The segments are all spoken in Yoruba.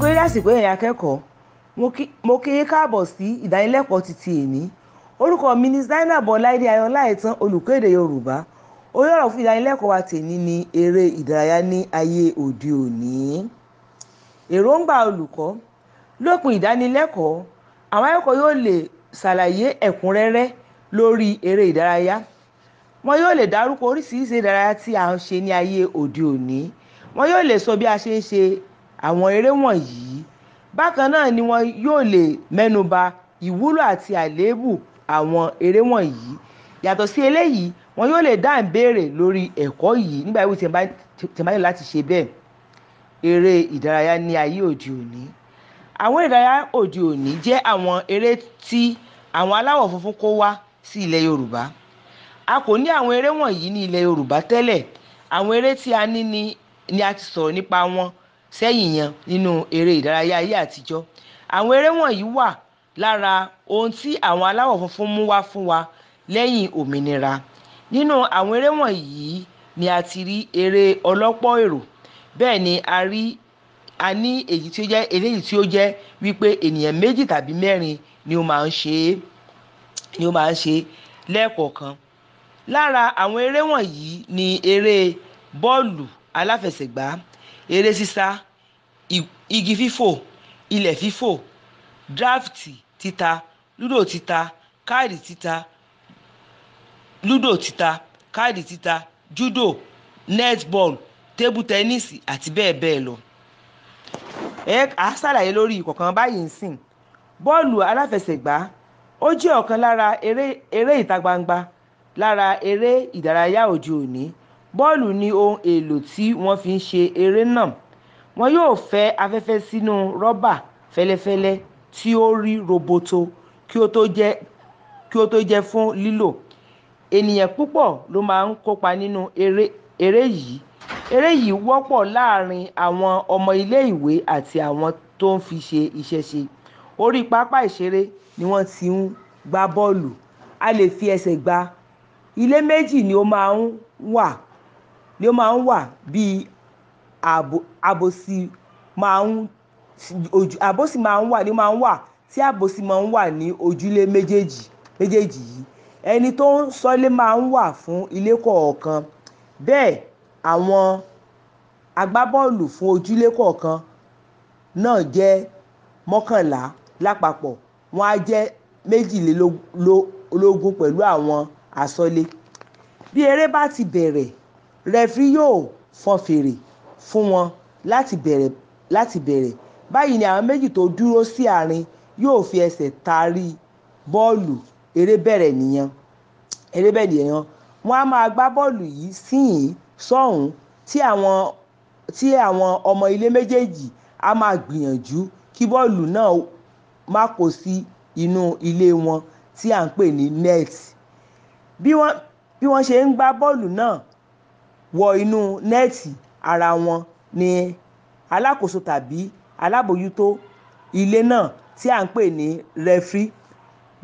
kú eré àsìkò ẹ̀yin akẹ́kọ̀ọ́ mo kí yín káàbọ̀ sí ìdánilẹ́kọ̀ọ́ ti ti èní orúkọ mi ni Zainab Ọláìdé ayọ̀lá ìtàn olùkọ́ èdè Yorùbá orí ọ̀rọ̀ fún ìdánilẹ́kọ̀ọ́ wa tèmi ni eré ìdárayá ní ayé òde òní èròǹgbà olùkọ́ lópin ìdánilẹ́kọ̀ọ́ àwọn akẹ́kọ̀ọ́ yóò lè ṣàlàyé ẹ̀kúnrẹ́rẹ́ lórí eré ìdárayá wọn yóò lè dárúkọ oríṣiríṣi ìdárayá tí a ń ṣe ní ayé òde òní wọn yóò lè sọ bí a ṣe ń ṣe àwọn eré wọ̀nyí bákan náà ni wọn yóò lè mẹ́nuba ìwúlò àti àléébù àwọn eré wọ̀nyí yàtọ̀ sí eléyìí wọn yóò lè dá ìbéèrè lórí ẹ̀kọ́ yìí nígbà wíwí tí n bá yàn láti ṣe bẹ́ẹ̀ eré ìdárayá ní ayé òde òní àwọn ìdárayá òde òní jẹ́ àwọn eré tí àwọn aláwọ̀ funfun kó wá sí ilẹ̀ Yorùbá a kò ní àwọn eré wọ̀nyí ní ilẹ̀ Yorùbá tẹ́lẹ̀ àwọn eré tí a ní ni, ni a ti sọ̀rọ̀ nípa wọn sẹ́yìn yẹn nínú eré ìdárayá ayé àtijọ́ àwọn eré wọ̀nyí wà lára ohun tí àwọn aláwọ̀ funfun mú wá fún wa lẹ́yìn òmìnira nínú àwọn eré wọ̀nyí ni a ti rí eré ọlọ́pọ̀ èrò bẹ́ẹ̀ ni a rí a ní èyí tí ó jẹ́ eléyìí tí ó jẹ́ wípé ènìyàn méjì tàbí mẹ́rin ni ó máa ń ṣe é ni ó máa ń ṣe lẹ́ẹ̀kọ̀ọ̀kan lára àwọn eré wọ̀nyí ni eré bọ́ọ̀lù aláfẹsẹ̀gbá eré sísá igi fífò ilẹ̀ fífò dráfìtì títa lúdò títa káàdì títa lúdò títa káàdì títa júdò netball tébù tẹ́nísì àti bẹ́ẹ̀ bẹ́ẹ̀ lọ. ẹ á ṣàlàyé lórí ìkọ̀kan báyìí ń sìn bọ́ọ̀lù aláfẹsẹ̀gbá ó jẹ́ ọ̀kan lára eré ìta gbangba lára eré ìdárayá òde òní Bọ́ọ̀lù ni ohun èlò tí wọ́n fi ń ṣe eré náà. Wọn yóò fẹ́ afẹ́fẹ́ sínú rọ́bà fẹ́lẹ́fẹ́lẹ́ tí ó rí roboto kí ó tó jẹ́ fún lílò. Ènìyàn púpọ̀ ló máa ń kópa nínú eré yìí. Eré yìí wọ́pọ̀ láàárín àwọn ọmọ ilé-ìwé àti àwọn tó ń fi iṣẹ́ ṣe. Orí pápá ìṣeré ni wọ́n ti ń gbá bọ́ọ̀lù. A lè fi ẹsẹ̀ gbá. Ilé méjì ni ó máa ń wà ni ó máa ń wà bí ààbò àbòsí máa ń ojú àbòsí máa ń wà ni ó máa ń wà tí àbòsí máa ń wà ní ojúlé méjèèjì méjèèjì yìí ẹni tó ń ṣọ́lé máa ń wà fún ilé kọ̀ọ̀kan bẹ́ẹ̀ àwọn agbábọ́ọ̀lù fún ojúlé kọ̀ọ̀kan náà jẹ́ mọ́kànlá lápapọ̀ wọ́n á jẹ́ méjìlélógún pẹ̀lú àwọn àsọlé bí eré bá ti bẹ̀rẹ̀ rẹfirí yóò fọn fèrè fún wọn láti bẹ̀rẹ̀ láti bẹ̀rẹ̀ báyìí ni àwọn méjì tó dúró sí àárín yóò fi ẹsẹ̀ taari bọ́ọ̀lù eré bẹ̀rẹ̀ nìyẹn eré bẹ̀rẹ̀ nìyẹn wọ́n á máa gbá bọ́ọ̀lù yìí síyìn sọ́hùn tí àwọn tí àwọn ọmọ ilé méjèèjì á máa gbìyànjú kí bọ́ọ̀lù náà má kó sí inú ilé wọn tí à ń pè ní net bí wọ́n bí wọ́n ṣe ń gbá bọ́ọ̀lù náà wọ inú nẹ́ẹ̀tì ara wọn ni alákòóso tàbí alábòójútó ilé náà tí à ń pè ní rẹfrí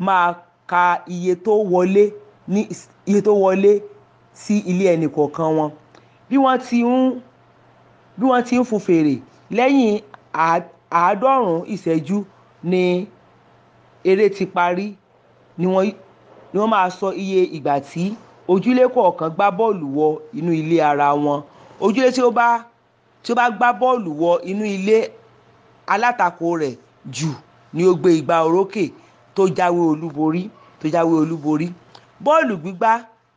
máa ka iye tó wọlé ní iye tó wọlé sí ilé ẹnì kọ̀ọ̀kan wọn bí wọ́n ti ń bí wọ́n ti ń fun fèrè lẹ́yìn àádọ́rùn-ún ìṣẹ́jú ni eré ti parí ni wọ́n ni wọ́n máa sọ iye ìgbà tí ojúlé kọ̀ọ̀kan gbá bọ́ọ̀lù wọ inú ilé ara wọn ojúlé tí ó bá tí ó bá gbá bọ́ọ̀lù wọ inú ilé alátakò rẹ̀ jù ni ó gbé igba orókè tó jáwé olúborí tó jáwé olúborí bọ́ọ̀lù gbígbá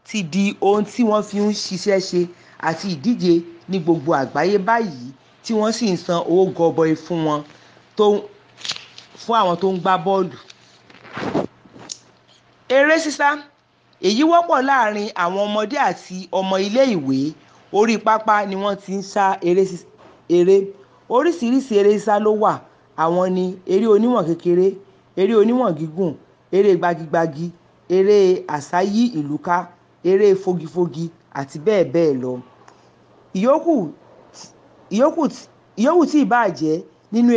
ti di ohun tí wọ́n fi ń ṣiṣẹ́ ṣe àti ìdíje ní gbogbo àgbáyé báyìí tí wọ́n sì ń san owó gọbọi fún wọn tó fún àwọn tó ń gbá bọ́ọ̀lù. eré sísá èyí wọ́pọ̀ láàrin àwọn ọmọdé àti ọmọ iléèwé orí pápá ni wọ́n ti ń sá eré oríṣiríṣi eré sísá ló wà àwọn ni eré oníwọ̀n kékeré eré oníwọ̀n gígùn eré gbagigbagi eré àsáyí ìlúká eré fogifogi àti bẹ́ẹ̀ bẹ́ẹ̀ lọ ìyókù tí ìbáà jẹ́ nínú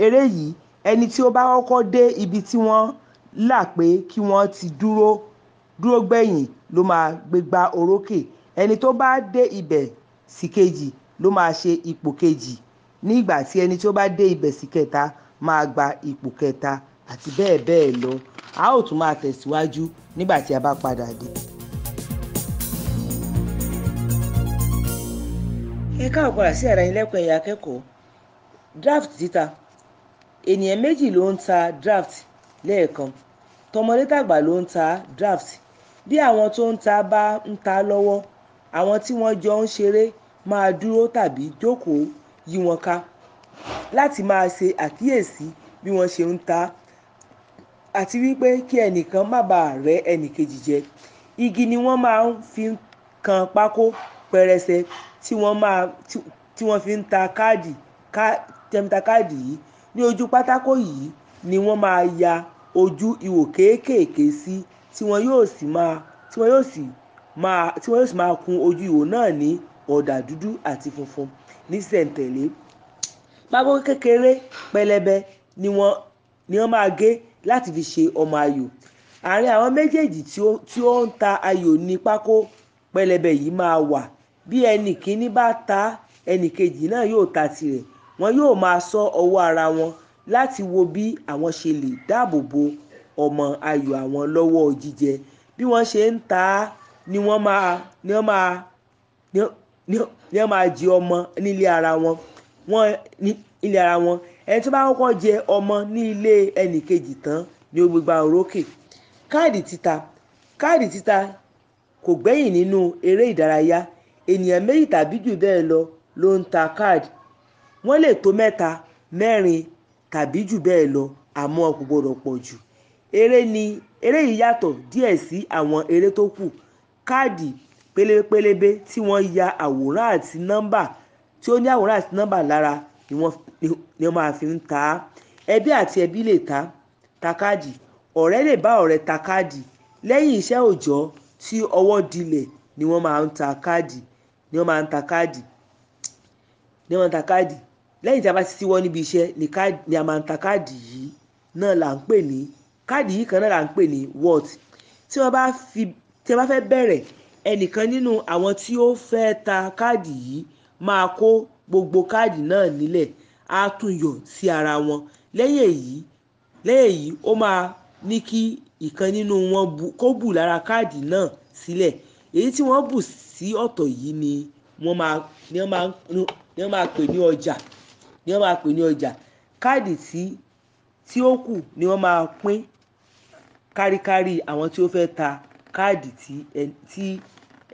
eré yìí ẹni tí ó bá kọ́kọ́ dé ibi tí wọ́n là pé kí wọ́n ti dúró dúró gbẹ̀yìn ló máa gbégbá orókè ẹni tó bá dé ibẹ̀ sí kejì ló máa ṣe ipò kejì ní ìgbà tí ẹni tó bá dé ibẹ̀ sí kẹta máa gba ipò kẹta àti bẹ́ẹ̀ bẹ́ẹ̀ lọ a ó tún máa tẹ̀síwájú nígbà tí a bá padà dé. ẹ káàbọ̀ padà sí ara yín lẹ́kọ̀ọ́ ẹ̀yà akẹ́kọ̀ọ́ draft títa ènìyàn méjì ló ń ta draft lẹ́ẹ̀kan tọmọdé tàgbà ló ń ta draft bí àwọn tó ń ta bá ń ta lọ́wọ́ àwọn tí wọ́n jọ ń ṣeré máa dúró tàbí jókòó yí wọn ká láti máa ṣe àkíyèsí bí wọ́n ṣe ń ta àti wípé kí ẹnìkan má bàa rẹ́ ẹnìkejì jẹ igi ni wọ́n máa ń fi kan pákó pẹrẹsẹ tí wọ́n fi ń ta káàdì tẹ́mítà káàdì yìí ní ojú pátákó yìí ni wọ́n máa ya ojú ihò kéékèèké sí tí wọn yóò sì máa tí wọn yóò sì máa tí wọn yóò sì máa kun ojú ihò náà ní ọ̀dà dúdú àti funfun ní ṣẹ̀ǹtẹ̀lé pákó kékeré pẹlẹbẹ ni wọn ni wọn máa gé láti fi ṣe ọmọ ayò àárín àwọn méjèèjì tí ó ń ta ayò ní pákó pẹlẹbẹ yìí máa wà bí ẹnì kíní bá ta ẹnì kejì náà yóò ta tirẹ̀ wọn yóò máa ṣọ́ ọwọ́ ara wọn láti wo bí àwọn ṣe lè dáàbò bo ọmọ ayọ̀ àwọn lọ́wọ́ jíjẹ bí wọ́n ṣe ń ta á ni wọ́n máa ni wọ́n máa ni wọ́n máa jẹ ọmọ nílé ara wọn wọ́n ní ilé ara wọn ẹni tó bá kọ́kọ́ jẹ ọmọ ní ilé ẹnìkejì tán ni ó gbégbá orókè káàdì títa káàdì títa kò gbẹ́yìn nínú eré ìdárayá ènìyàn méjì tàbí jù bẹ́ẹ̀ lọ ló ń ta káàdì wọ́n lè tó mẹ́ta mẹ́rin tàbí jù bẹ́ẹ̀ lọ àmọ́ kò gbọ́dọ̀ pọ̀ jù eré ni eré yìí yàtọ̀ díẹ̀ sí àwọn eré tó kù káàdì pélébépélébé tí wọ́n ya àwòrán àti nọ́mbà tí ó ní àwòrán àti nọ́mbà lára ni wọ́n máa fi ń ta á ẹbí àti ẹbí lè ta ta káàdì ọ̀rẹ́ lè bá ọ̀rẹ́ ta káàdì lẹ́yìn iṣẹ́ òòjọ́ tí ọwọ́ dilẹ̀ ni wọ́n máa ń ta káàdì ni wọ́n máa ń ta káàdì ni wọ́n máa ń ta káàdì lẹ́yìn tí a bá ti síwọ́ níbi iṣẹ́ ni a máa ń ta káàdì yìí náà là ń pè ní káàdì yìí kan náà là ń pè ní what tí wọ́n bá fi tí wọ́n bá fẹ́ bẹ̀rẹ̀ ẹnìkan nínú àwọn tí ó fẹ́ ta káàdì yìí máa kó gbogbo káàdì náà nílẹ̀ á tún yọ sí ara wọn lẹ́yìn èyí lẹ́yìn èyí ó máa ní kí ìkan nínú wọn kó bù lára káàdì náà sílẹ̀ èyí tí wọ́n bù sí ọ̀tọ̀ yìí ni wọ́n máa ni wọ́n máa ni wọ́n máa pè ní ọjà ni wọ́n máa pè ní ọjà káàdì tí tí ó kù ni wọ́n máa pín káríkárí àwọn tí ó fẹ́ ta káàdì tí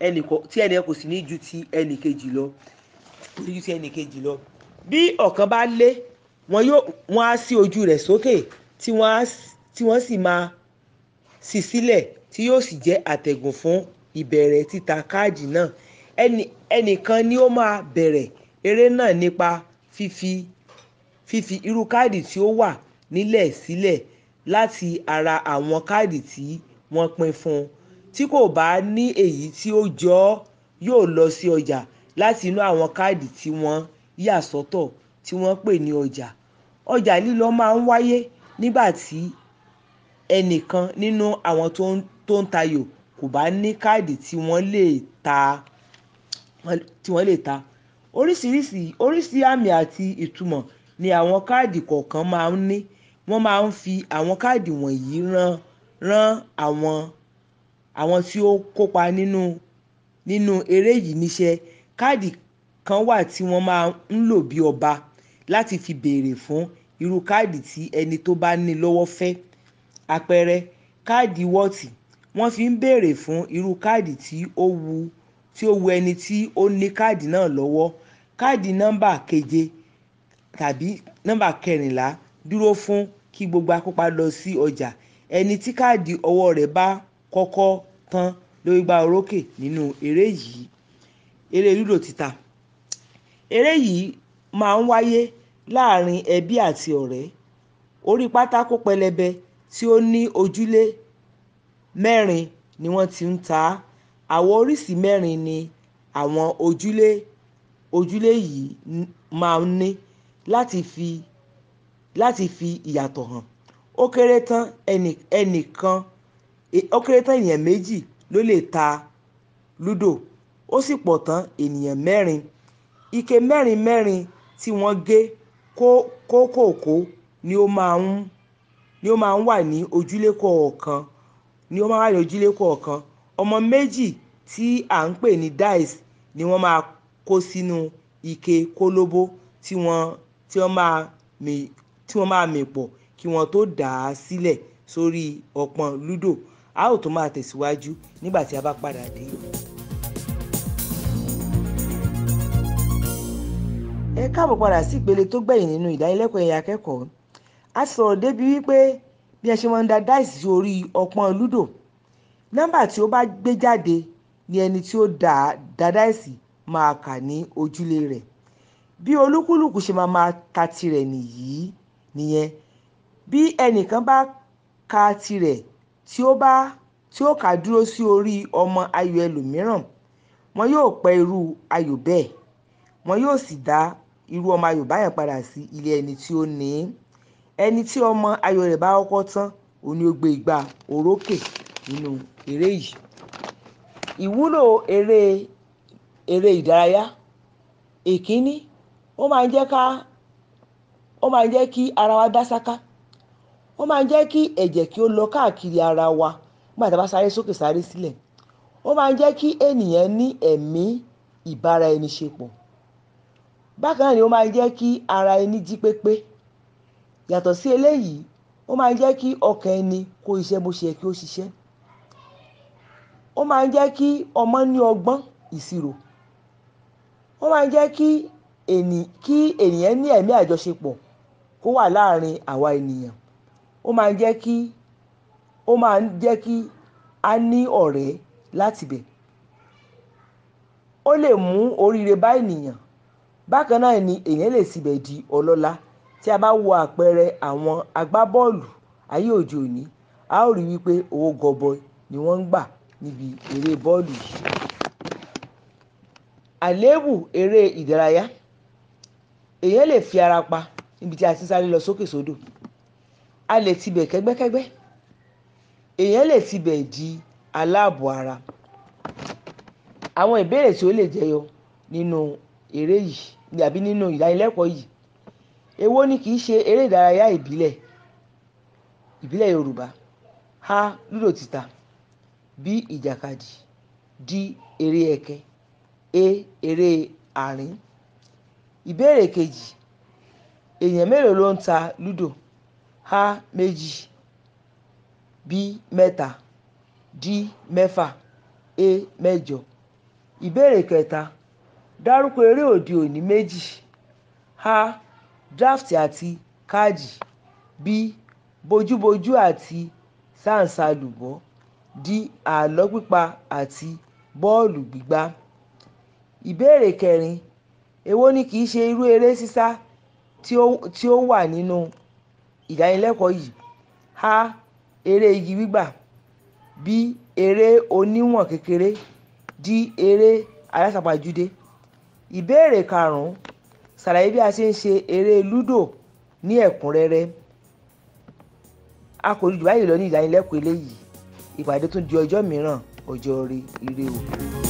ẹnì kò sì ní ju ti ẹnì kejì lọ kò ní ju ti ẹnì kejì lọ bí ọ̀kan bá lé wọn yóò wọn á sí ojú rẹ̀ sókè tí wọ́n sì máa sì sílẹ̀ tí yóò sì jẹ́ àtẹ̀gùn fún ìbẹ̀rẹ̀ títa káàdì náà ẹnìkan ni ó máa bẹ̀rẹ̀ eré náà nípa fífi irú káàdì tí ó wà nílẹ̀ sílẹ̀ láti ara àwọn káàdì tí wọ́n pín fún un tí kò bá ní èyí tí ó jọ ọ́ yóò lọ sí ọjà láti inú àwọn káàdì tí wọ́n yà sọ́tọ̀ tí wọ́n pè ní ọjà ọjà lílọ máa ń wáyé nígbà tí ẹnìkan nínú àwọn tó ń tayò kò bá ní káàdì tí wọ́n lè ta oríṣiríṣi oríṣi àmì àti ìtumọ̀ ni àwọn káàdì kọ̀ọ̀kan máa ń ní wọ́n máa ń fi àwọn káàdì wọ̀nyí ran ran àwọn àwọn tí ó kópa nínú nínú eré yìí níṣẹ́. Káàdì kan wà tí wọ́n máa ń lò bí ọba láti fi béèrè fún irú káàdì tí ẹni tó bá ní lọ́wọ́ fẹ́. Àpẹẹrẹ, káàdì wọ́ọ̀tì wọ́n fi ń béèrè fún irú káàdì tí ó wu tí ó wu ẹni tí ó ní káàdì náà lọ́wọ́. Káàdì nọ́mbà keje tàbí nọ́mbà kẹrìnlá dúró fún kí gbogbo akópa lọ sí ọjà ẹni tí káàdì ọwọ́ rẹ̀ bá kọ́kọ́ tán ló gbá orókè nínú eré yìí eré lúdò títa eré yìí máa ń wáyé láàrin ẹbí àti ọ̀rẹ́ orí pátákó pẹlẹbẹ tí ó ní ojúlé mẹ́rin ni wọ́n ti ń ta àwọn oríṣìí mẹ́rin ni àwọn ojúlé ojúlé yìí máa ń ní láti fi láti fi ìyàtọ̀ hàn ó kéré tán ẹnìkan e, ó kéré tán ènìyàn méjì ló lè ta lúdò ó sì pọ̀ tán ènìyàn mẹ́rin ike mẹ́rin mẹ́rin tí wọ́n gé kókòkò ni ó máa ń ni ó máa ń wà ní ojúlé kọ̀ọ̀kan ni ó máa ń wà ní ojúlé kọ̀ọ̀kan ọmọ méjì tí à ń pè ní dice ni wọ́n máa kó sínú ike kólóbó tí wọ́n tí wọ́n máa tí wọ́n máa mèpọ̀ kí wọ́n tó dà á sílẹ̀ sórí ọpọ́n lúdò a ó tó máa tẹ̀síwájú nígbà tí a bá padà dé. ẹ káàbọ̀ padà sí ìpele tó gbẹ̀yìn nínú ìdánilẹ́kọ̀ọ́ ẹ̀yin akẹ́kọ̀ọ́ a sọ̀rọ̀ débi wípé bí ẹ ṣe máa ń da dice sí orí ọpọ́n lúdò nọ́mbà tí ó bá gbé jáde ni ẹni tí ó da da dice máa kà ní ojúlé rẹ̀ bí olúkúlùkù ṣe máa máa ta tirẹ̀ nìyí nìyẹn. Bí ẹnìkan bá ka tirẹ̀ tí ó bá tí ó kà á dúró sí orí ọmọ ayò ẹlòmíràn, wọn yóò pẹ́ irú ayò bẹ́ẹ̀, wọn yóò sì dá irú ọmọ ayò báyẹn padà sí ilé ẹni tí ó ní in. Ẹni tí ọmọ ayò rẹ̀ bá kọ́kọ́ tán, òun ó gbé igbá orókè nínú eré yìí. Ìwúlò eré eré ìdárayá. Èkínní, ó máa ń jẹ́ ká ó máa ń jẹ́ kí ara wa dá sáká ó máa ń jẹ́ kí ẹ̀jẹ̀ kí ó lọ káàkiri ara wa nígbà tá a bá sáré sókè sáré sílẹ̀ ó máa ń jẹ́ kí ènìyàn ní ẹ̀mí ìbára ẹni ṣe pọ̀ bákan náà ni ó máa ń jẹ́ kí ara ẹni jí pépé yàtọ̀ sí eléyìí ó máa ń jẹ́ kí ọkàn ẹni kó iṣẹ́ bó ṣe yẹ kí ó ṣiṣẹ́ ó máa ń jẹ́ kí ọmọ ní ọgbọ́n ìṣirò ó máa ń jẹ́ kí ènìyàn ní ẹ̀mí àjọṣepọ̀ kó wà láàrin àwa ènìyàn ó máa ń jẹ́ kí ó máa ń jẹ́ kí a ní ọ̀rẹ́ láti bẹ̀ ó lè mú oríire bá ènìyàn bákan náà ni èèyàn lè síbẹ̀ di ọlọ́lá tí a bá wo àpẹẹrẹ àwọn agbábọ́ọ̀lù ayé òde òní a ó rí wípé owó gọbọi ni wọ́n ń gbà níbi eré bọ́ọ̀lù yìí àléébù eré ìdárayá èèyàn lè fi ara pa níbi tí a ti ń sáré lọ sókè sódò a lè tibẹ̀ kẹ́gbẹ́kẹ́gbẹ́ èèyàn lè tibẹ̀ di aláàbọ̀ ara àwọn ìbéèrè tí ó lè jẹyọ nínú eré yìí àbí nínú ìdánilẹ́kọ̀ọ́ yìí èwo ni kì í ṣe eré ìdárayá ìbílẹ̀ ìbílẹ̀ Yorùbá a lúdò títà b ìjàkadì d eré ẹkẹ e eré àrín ìbéèrè kejì èèyàn mélòó ló ń ta ludo a méjì b mẹ́ta d mẹ́fà a mẹ́jọ ìbéèrè kẹta dárúkọ eré òde òní méjì a draft àti káàdì b bojúbojú àti sáǹsálùbọ́ d àlọ́ pípa àti bọ́ọ̀lù gbígbá ìbéèrè kẹrin èwo ni kì í ṣe irú eré sísá tí ó wà nínú ìdánilẹ́kọ̀ọ́ yìí a eré igi gbígbà b eré oníwọ̀n kékeré d eré alásàpajúdé ìbéèrè karùn-ún ṣàlàyé bí a ṣe ń ṣe eré Ludo. ní ẹ̀kúnrẹ́rẹ́ a kò rí jù báyìí lọ ní ìdánilẹ́kọ̀ọ́ eléyìí ìpàdé tún di ọjọ́ mìíràn ọjọ́ ire o.